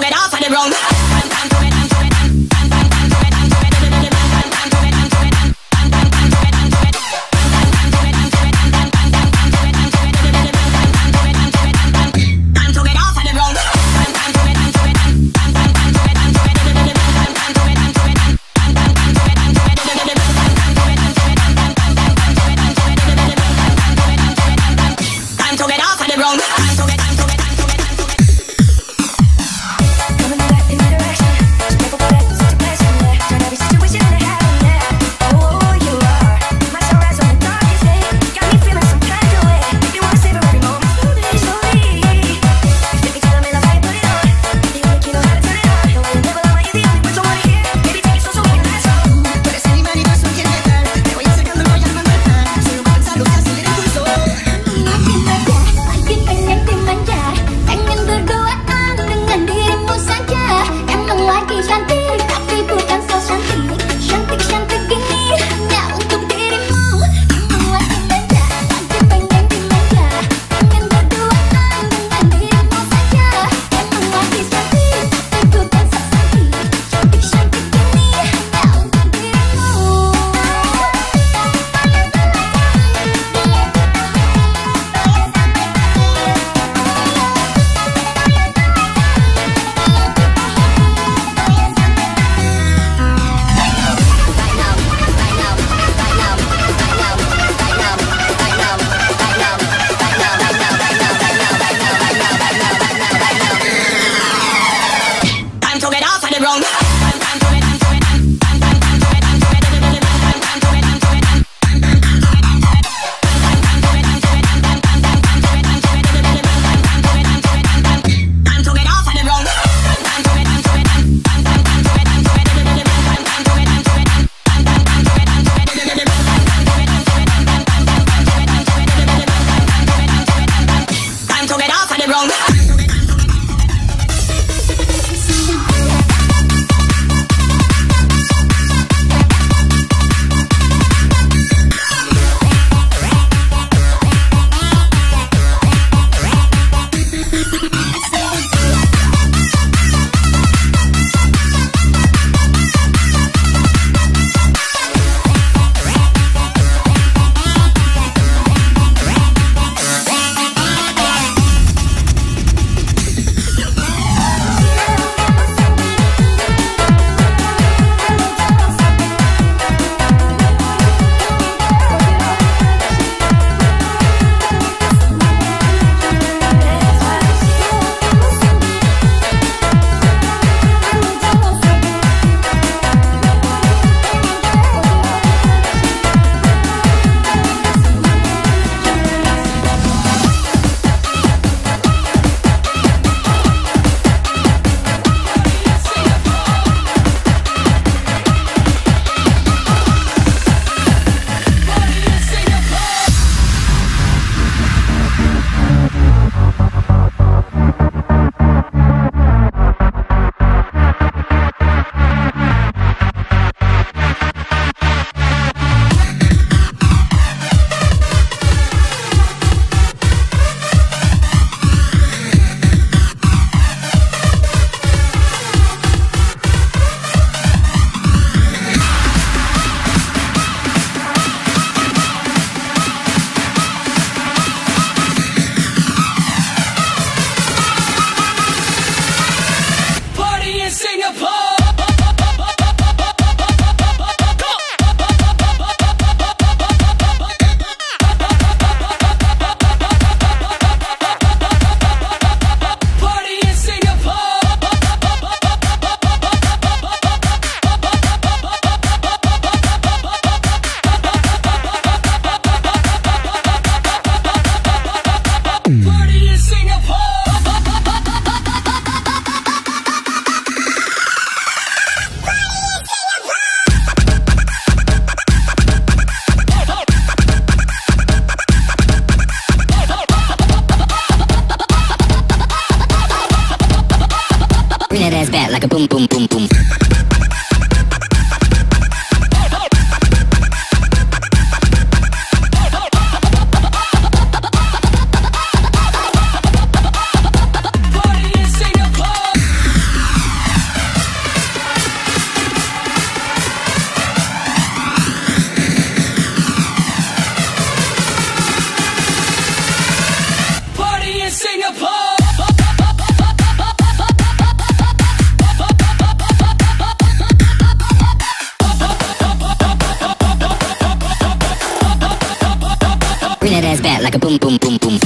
to get off of the road. boom, boom, boom.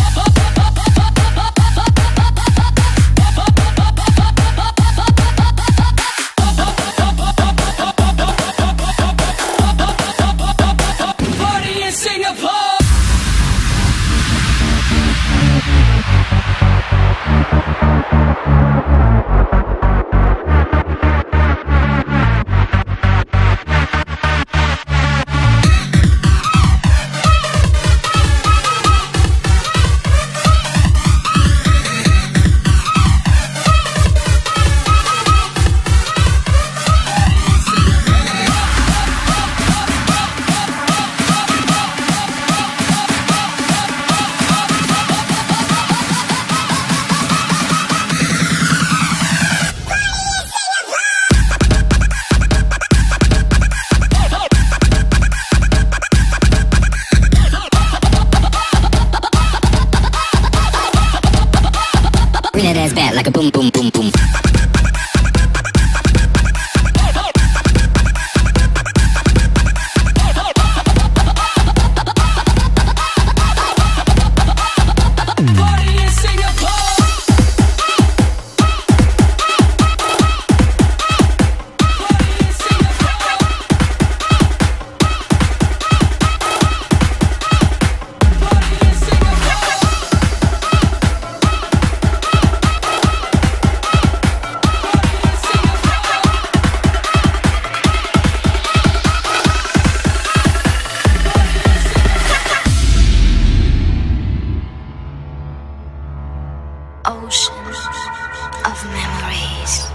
of memories.